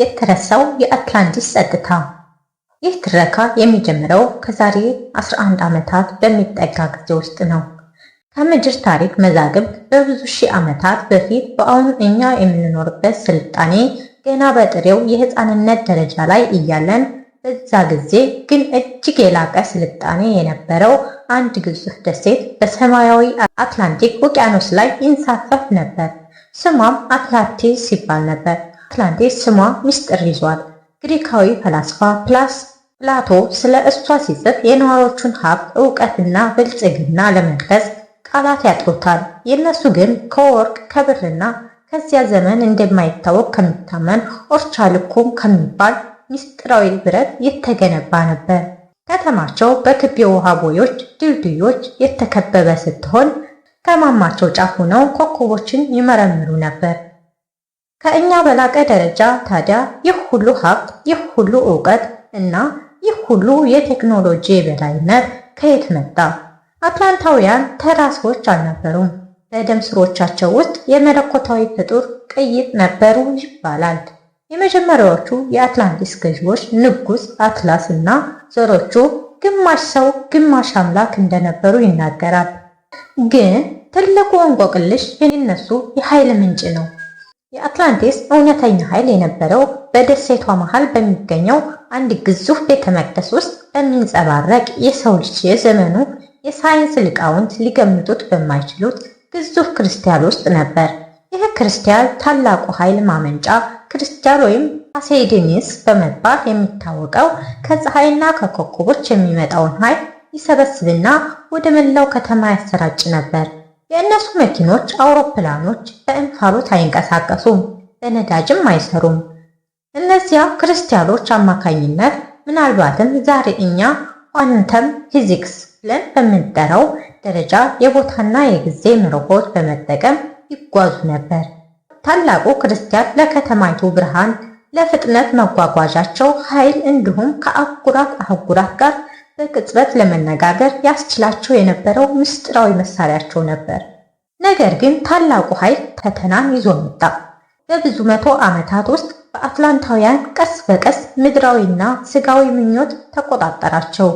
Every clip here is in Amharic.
የተረሳው የአትላንቲስ ጸጥታ። ይህ ትረካ የሚጀምረው ከዛሬ 11 ዓመታት በሚጠጋ ጊዜ ውስጥ ነው። ከምድር ታሪክ መዛግብት በብዙ ሺህ ዓመታት በፊት በአሁኑ እኛ የምንኖርበት ስልጣኔ ገና በጥሬው የህፃንነት ደረጃ ላይ እያለን በዛ ጊዜ ግን እጅግ የላቀ ስልጣኔ የነበረው አንድ ግዙፍ ደሴት በሰማያዊ አትላንቲክ ውቅያኖስ ላይ ይንሳፈፍ ነበር። ስሟም አትላንቲስ ሲባል ነበር። አትላንቲስ ስሟ ምስጢር ይዟል። ግሪካዊ ፈላስፋ ፕላስ ፕላቶ ስለ እሷ ሲጽፍ የነዋሪዎቹን ሀብት እውቀትና ብልጽግና ለመግለጽ ቃላት ያጥሩታል። የእነሱ ግን ከወርቅ ከብርና ከዚያ ዘመን እንደማይታወቅ ከሚታመን ኦርቻ ልኩም ከሚባል ምስጢራዊ ብረት የተገነባ ነበር። ከተማቸው በክብ የውሃ ቦዮች፣ ድልድዮች የተከበበ ስትሆን ከማማቸው ጫፍ ሆነው ኮከቦችን ይመረምሩ ነበር። ከእኛ በላቀ ደረጃ ታዲያ ይህ ሁሉ ሀብት፣ ይህ ሁሉ እውቀት እና ይህ ሁሉ የቴክኖሎጂ የበላይነት ከየት መጣ? አትላንታውያን ተራ ሰዎች አልነበሩም። በደም ስሮቻቸው ውስጥ የመለኮታዊ ፍጡር ቅይጥ ነበሩ ይባላል። የመጀመሪያዎቹ የአትላንቲስ ገዢዎች ንጉሥ አትላስ እና ዘሮቹ ግማሽ ሰው ግማሽ አምላክ እንደነበሩ ይናገራል። ግን ትልቁ እንቆቅልሽ የነሱ የኃይል ምንጭ ነው። የአትላንቲስ እውነተኛ ኃይል የነበረው በደሴቷ መሃል በሚገኘው አንድ ግዙፍ ቤተ መቅደስ ውስጥ በሚንጸባረቅ የሰው ልጅ የዘመኑ የሳይንስ ሊቃውንት ሊገምቱት በማይችሉት ግዙፍ ክርስቲያል ውስጥ ነበር። ይህ ክርስቲያል ታላቁ ኃይል ማመንጫ ክርስቲያል ወይም አሴይድኒስ በመባል የሚታወቀው ከፀሐይና ከኮከቦች የሚመጣውን ኃይል ይሰበስብና ወደ መላው ከተማ ያሰራጭ ነበር። የእነሱ መኪኖች፣ አውሮፕላኖች በእንፋሎት አይንቀሳቀሱም፣ በነዳጅም አይሰሩም። እነዚያ ክርስቲያኖች አማካኝነት ምናልባትም ዛሬ እኛ ኳንተም ፊዚክስ ብለን በምንጠራው ደረጃ የቦታና የጊዜ መርሆች በመጠቀም ይጓዙ ነበር። ታላቁ ክርስቲያን ለከተማይቱ ብርሃን፣ ለፍጥነት መጓጓዣቸው ኃይል እንዲሁም ከአህጉራት አህጉራት ጋር በቅጽበት ለመነጋገር ያስችላቸው የነበረው ምስጢራዊ መሳሪያቸው ነበር። ነገር ግን ታላቁ ኃይል ፈተናን ይዞ መጣ። በብዙ መቶ ዓመታት ውስጥ በአትላንታውያን ቀስ በቀስ ምድራዊና ስጋዊ ምኞት ተቆጣጠራቸው።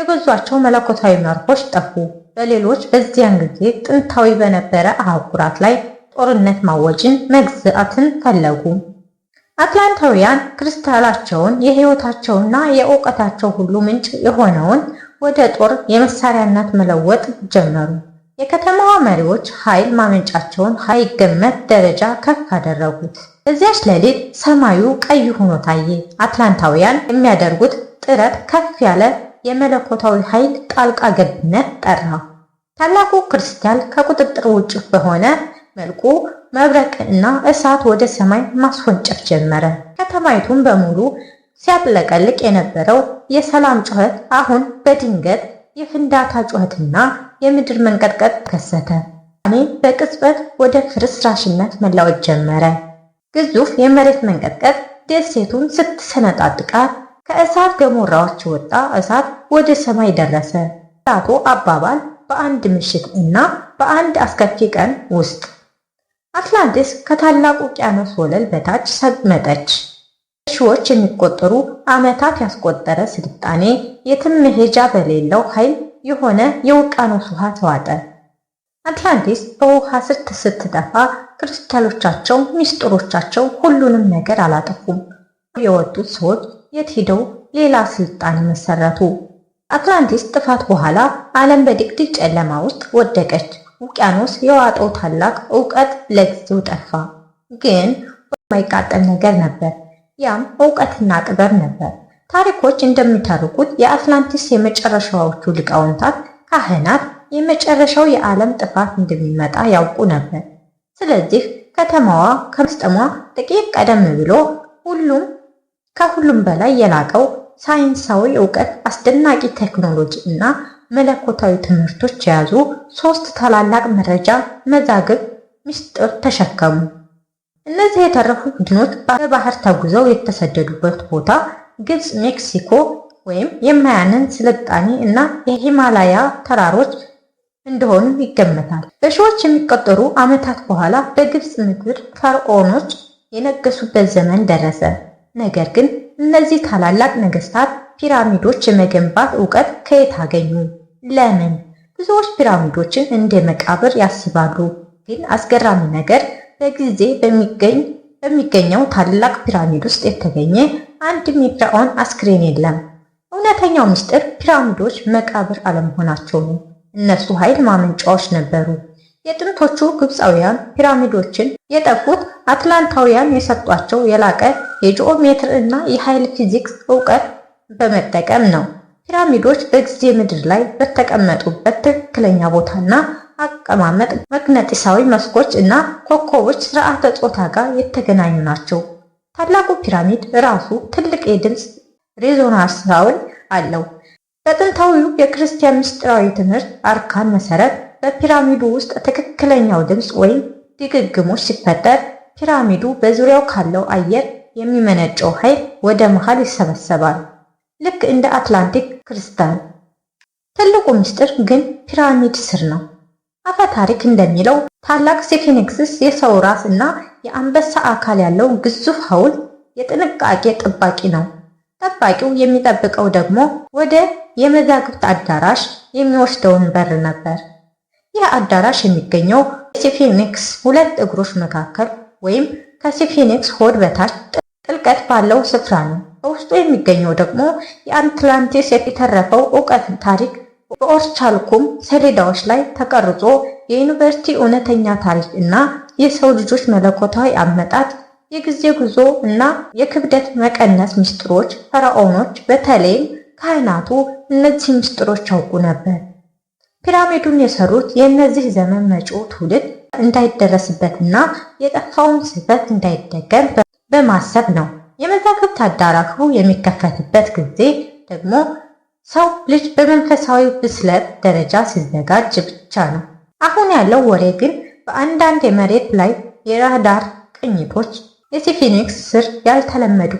የገዟቸው መለኮታዊ መርሆች ጠፉ። በሌሎች በዚያን ጊዜ ጥንታዊ በነበረ አህጉራት ላይ ጦርነት ማወጅን፣ መግዛትን ፈለጉ። አትላንታውያን ክርስታላቸውን የሕይወታቸውና የእውቀታቸው ሁሉ ምንጭ የሆነውን ወደ ጦር የመሳሪያነት መለወጥ ጀመሩ። የከተማዋ መሪዎች ኃይል ማመንጫቸውን ገመት ደረጃ ከፍ አደረጉት። በዚያች ሌሊት ሰማዩ ቀይ ሆኖ ታየ። አትላንታውያን የሚያደርጉት ጥረት ከፍ ያለ የመለኮታዊ ኃይል ጣልቃ ገብነት ጠራ። ታላቁ ክርስታል ከቁጥጥር ውጭ በሆነ መልኩ መብረቅ እና እሳት ወደ ሰማይ ማስወንጨፍ ጀመረ። ከተማይቱን በሙሉ ሲያጥለቀልቅ የነበረው የሰላም ጩኸት አሁን በድንገት የፍንዳታ ጩኸትና የምድር መንቀጥቀጥ ተከሰተ። እኔ በቅጽበት ወደ ፍርስራሽነት መላወጥ ጀመረ። ግዙፍ የመሬት መንቀጥቀጥ ደሴቱን ስትሰነጣጥቃት ከእሳት ገሞራዎች ወጣ እሳት ወደ ሰማይ ደረሰ። ላቶ አባባል በአንድ ምሽት እና በአንድ አስከፊ ቀን ውስጥ አትላንቲስ ከታላቁ ውቅያኖስ ወለል በታች ሰመጠች። ሺዎች የሚቆጠሩ ዓመታት ያስቆጠረ ስልጣኔ የትም መሄጃ በሌለው ኃይል የሆነ የውቅያኖስ ውሃ ተዋጠ። አትላንቲስ በውሃ ስር ስትጠፋ ክርስቲያኖቻቸው ሚስጥሮቻቸው ሁሉንም ነገር አላጠፉም። የወጡት ሰዎች የት ሂደው ሌላ ስልጣኔ መሰረቱ። አትላንቲስ ጥፋት በኋላ ዓለም በድቅድቅ ጨለማ ውስጥ ወደቀች። ውቅያኖስ የዋጠው ታላቅ እውቀት ለጊዜው ጠፋ፣ ግን የማይቃጠል ነገር ነበር። ያም እውቀትና ጥበብ ነበር። ታሪኮች እንደሚተርኩት የአትላንቲስ የመጨረሻዎቹ ሊቃውንታት ካህናት የመጨረሻው የዓለም ጥፋት እንደሚመጣ ያውቁ ነበር። ስለዚህ ከተማዋ ከመስጠሟ ጥቂት ቀደም ብሎ ሁሉም ከሁሉም በላይ የላቀው ሳይንሳዊ እውቀት፣ አስደናቂ ቴክኖሎጂ እና መለኮታዊ ትምህርቶች የያዙ ሦስት ታላላቅ መረጃ መዛግብ ምስጢር ተሸከሙ። እነዚህ የተረፉ ቡድኖች በባህር ተጉዘው የተሰደዱበት ቦታ ግብፅ፣ ሜክሲኮ ወይም የማያንን ስልጣኔ እና የሂማላያ ተራሮች እንደሆኑ ይገመታል። በሺዎች የሚቆጠሩ ዓመታት በኋላ በግብፅ ምድር ፈርዖኖች የነገሱበት ዘመን ደረሰ። ነገር ግን እነዚህ ታላላቅ ነገስታት ፒራሚዶች የመገንባት እውቀት ከየት አገኙ? ለምን? ብዙዎች ፒራሚዶችን እንደ መቃብር ያስባሉ። ግን አስገራሚ ነገር በጊዜ በሚገኝ በሚገኘው ታላቅ ፒራሚድ ውስጥ የተገኘ አንድም የፍርዖን አስክሬን የለም። እውነተኛው ምስጢር ፒራሚዶች መቃብር አለመሆናቸው ነው። እነሱ ኃይል ማመንጫዎች ነበሩ። የጥንቶቹ ግብፃውያን ፒራሚዶችን የጠፉት አትላንታውያን የሰጧቸው የላቀ የጂኦሜትሪ እና የኃይል ፊዚክስ እውቀት በመጠቀም ነው። ፒራሚዶች በጊዜ ምድር ላይ በተቀመጡበት ትክክለኛ ቦታና አቀማመጥ መግነጢሳዊ መስኮች እና ኮከቦች ስርዓተ ጾታ ጋር የተገናኙ ናቸው። ታላቁ ፒራሚድ ራሱ ትልቅ የድምፅ ሬዞናንስ ሳውንድ አለው። በጥንታዊው የክርስቲያን ምስጢራዊ ትምህርት አርካን መሰረት በፒራሚዱ ውስጥ ትክክለኛው ድምፅ ወይም ድግግሞች ሲፈጠር ፒራሚዱ በዙሪያው ካለው አየር የሚመነጨው ኃይል ወደ መሃል ይሰበሰባል። ልክ እንደ አትላንቲክ ክሪስታል ትልቁ ምስጢር ግን ፒራሚድ ስር ነው። አፈ ታሪክ እንደሚለው ታላቅ ስፊንክስ የሰው ራስ እና የአንበሳ አካል ያለው ግዙፍ ሐውልት የጥንቃቄ ጠባቂ ነው። ጠባቂው የሚጠብቀው ደግሞ ወደ የመዛግብት አዳራሽ የሚወስደውን በር ነበር። ይህ አዳራሽ የሚገኘው የስፊንክስ ሁለት እግሮች መካከል ወይም ከስፊንክስ ሆድ በታች ጥልቀት ባለው ስፍራ ነው። በውስጡ የሚገኘው ደግሞ የአትላንቲስ የተረፈው እውቀት ታሪክ በኦርቻልኩም ሰሌዳዎች ላይ ተቀርጾ የዩኒቨርሲቲ እውነተኛ ታሪክ እና የሰው ልጆች መለኮታዊ አመጣጥ፣ የጊዜ ጉዞ እና የክብደት መቀነስ ምስጢሮች ፈርዖኖች፣ በተለይም ካህናቱ እነዚህ ምስጢሮች ያውቁ ነበር። ፒራሚዱን የሰሩት የእነዚህ ዘመን መጪው ትውልድ እንዳይደረስበትና የጠፋውን ስህተት እንዳይደገም በማሰብ ነው። የመዛግብት አዳራሹ የሚከፈትበት ጊዜ ደግሞ ሰው ልጅ በመንፈሳዊ ብስለት ደረጃ ሲዘጋጅ ብቻ ነው። አሁን ያለው ወሬ ግን በአንዳንድ የመሬት ላይ የራዳር ቅኝቶች የሲፊኒክስ ስር ያልተለመዱ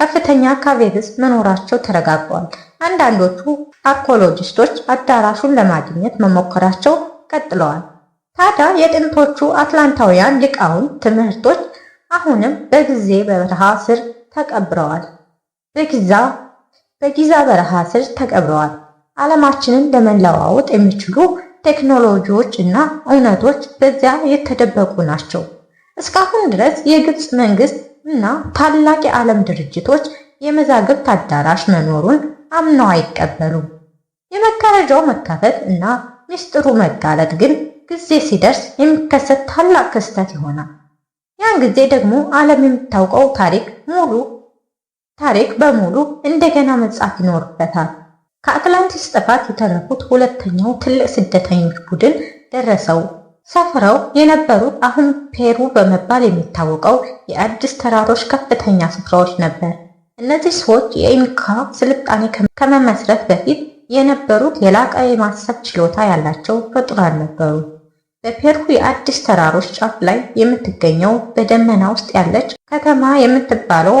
ከፍተኛ ካቬብስ መኖራቸው ተረጋግጧል። አንዳንዶቹ አርኮሎጂስቶች አዳራሹን ለማግኘት መሞከራቸው ቀጥለዋል። ታዲያ የጥንቶቹ አትላንታውያን ሊቃውንት ትምህርቶች አሁንም በጊዜ በበረሃ ስር ተቀብረዋል። በጊዛ በጊዛ በረሃ ስር ተቀብረዋል። ዓለማችንን ለመለዋወጥ የሚችሉ ቴክኖሎጂዎች እና እውነቶች በዚያ የተደበቁ ናቸው። እስካሁን ድረስ የግብፅ መንግስት እና ታላቅ የዓለም ድርጅቶች የመዛግብት አዳራሽ መኖሩን አምነው አይቀበሉም። የመጋረጃው መከፈት እና ምስጢሩ መጋለጥ ግን ጊዜ ሲደርስ የሚከሰት ታላቅ ክስተት ይሆናል። ያን ጊዜ ደግሞ ዓለም የምታውቀው ታሪክ ሙሉ ታሪክ በሙሉ እንደገና መጻፍ ይኖርበታል። ከአትላንቲስ ጥፋት የተረፉት ሁለተኛው ትልቅ ስደተኞች ቡድን ደረሰው። ሰፍረው የነበሩት አሁን ፔሩ በመባል የሚታወቀው የአዲስ ተራሮች ከፍተኛ ስፍራዎች ነበር። እነዚህ ሰዎች የኢንካ ስልጣኔ ከመመስረት በፊት የነበሩት የላቀ የማሰብ ችሎታ ያላቸው ፍጡራን ነበሩ። በፔሩ የአዲስ ተራሮች ጫፍ ላይ የምትገኘው በደመና ውስጥ ያለች ከተማ የምትባለው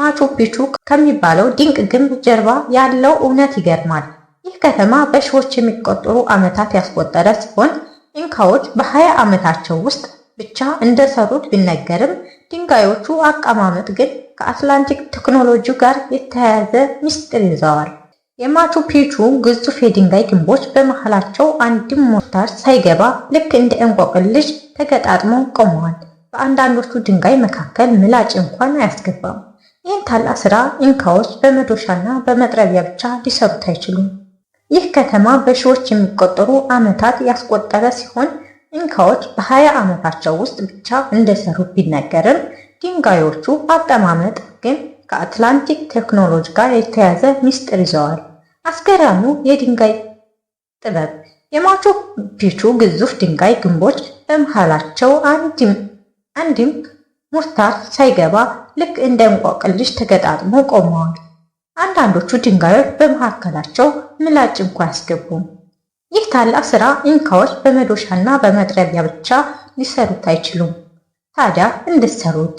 ማቹ ፒቹ ከሚባለው ድንቅ ግንብ ጀርባ ያለው እውነት ይገርማል። ይህ ከተማ በሺዎች የሚቆጠሩ ዓመታት ያስቆጠረ ሲሆን ኢንካዎች በሀያ ዓመታቸው ውስጥ ብቻ እንደሰሩት ቢነገርም ድንጋዮቹ አቀማመጥ ግን ከአትላንቲክ ቴክኖሎጂ ጋር የተያያዘ ምስጢር ይዘዋል። የማቹ ፒቹ ግዙፍ የድንጋይ ግንቦች በመሃላቸው አንድም ሞርታር ሳይገባ ልክ እንደ እንቆቅልሽ ተገጣጥመው ቆመዋል። በአንዳንዶቹ ድንጋይ መካከል ምላጭ እንኳን አያስገባም። ይህን ታላቅ ስራ ኢንካዎች በመዶሻና በመጥረቢያ ብቻ ሊሰሩት አይችሉም። ይህ ከተማ በሺዎች የሚቆጠሩ ዓመታት ያስቆጠረ ሲሆን ኢንካዎች በ20 ዓመታቸው ውስጥ ብቻ እንደሰሩ ቢነገርም ድንጋዮቹ አጠማመጥ ግን ከአትላንቲክ ቴክኖሎጂ ጋር የተያያዘ ምስጢር ይዘዋል። አስገራሚው የድንጋይ ጥበብ የማቹ ፒቹ ግዙፍ ድንጋይ ግንቦች በመሃላቸው አንድም ሙርታር ሳይገባ ልክ እንደ እንቆቅልሽ ተገጣጥመው ቆመዋል። አንዳንዶቹ ድንጋዮች በመካከላቸው ምላጭ እንኳ አያስገቡም። ይህ ታላቅ ስራ ኢንካዎች በመዶሻና በመጥረቢያ ብቻ ሊሰሩት አይችሉም። ታዲያ እንድትሰሩት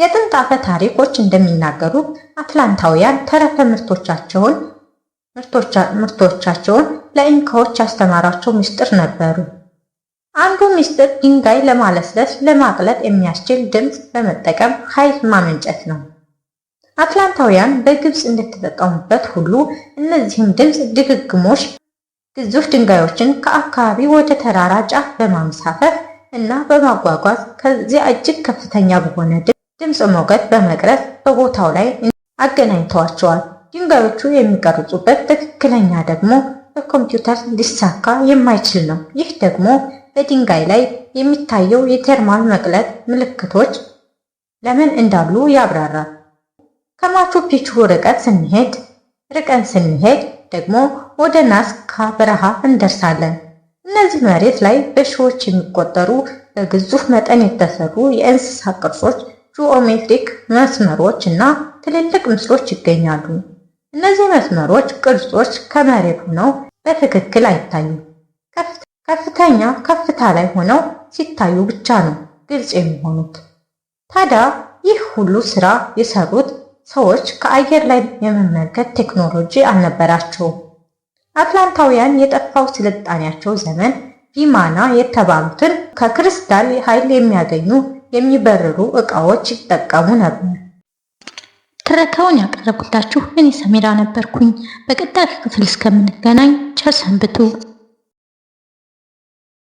የጥንት አፈ ታሪኮች እንደሚናገሩ አትላንታውያን ተረፈ ምርቶቻቸውን ምርቶቻቸውን ለኢንካዎች ያስተማሯቸው ምስጢር ነበሩ። አንዱ ምስጢር ድንጋይ ለማለስለስ ለማቅለጥ የሚያስችል ድምፅ በመጠቀም ኃይል ማመንጨት ነው። አትላንታውያን በግብፅ እንደተጠቀሙበት ሁሉ እነዚህም ድምፅ ድግግሞች ግዙፍ ድንጋዮችን ከአካባቢ ወደ ተራራ ጫፍ በማምሳፈፍ እና በማጓጓዝ ከዚያ እጅግ ከፍተኛ በሆነ ድምፅ ሞገድ በመቅረጽ በቦታው ላይ አገናኝተዋቸዋል። ድንጋዮቹ የሚቀርጹበት ትክክለኛ ደግሞ በኮምፒውተር ሊሳካ የማይችል ነው። ይህ ደግሞ በድንጋይ ላይ የሚታየው የቴርማል መቅለጥ ምልክቶች ለምን እንዳሉ ያብራራል። ከማቹ ፒቹ ርቀት ስንሄድ ርቀን ስንሄድ ደግሞ ወደ ናስካ በረሃ እንደርሳለን። እነዚህ መሬት ላይ በሺዎች የሚቆጠሩ በግዙፍ መጠን የተሰሩ የእንስሳ ቅርጾች ጂኦሜትሪክ መስመሮች እና ትልልቅ ምስሎች ይገኛሉ። እነዚህ መስመሮች ቅርጾች ከመሬት ሆነው በትክክል አይታዩም። ከፍተኛ ከፍታ ላይ ሆነው ሲታዩ ብቻ ነው ግልጽ የሚሆኑት። ታዲያ ይህ ሁሉ ስራ የሰሩት ሰዎች ከአየር ላይ የመመልከት ቴክኖሎጂ አልነበራቸውም። አትላንታውያን የጠፋው ስልጣኔያቸው ዘመን ቪማና የተባሉትን ከክሪስታል ኃይል የሚያገኙ የሚበርሩ እቃዎች ይጠቀሙ ነበር። ትረካውን ያቀረብኩላችሁ እኔ ሰሜራ ነበርኩኝ። በቀጣይ ክፍል እስከምንገናኝ ቸር ሰንብቱ።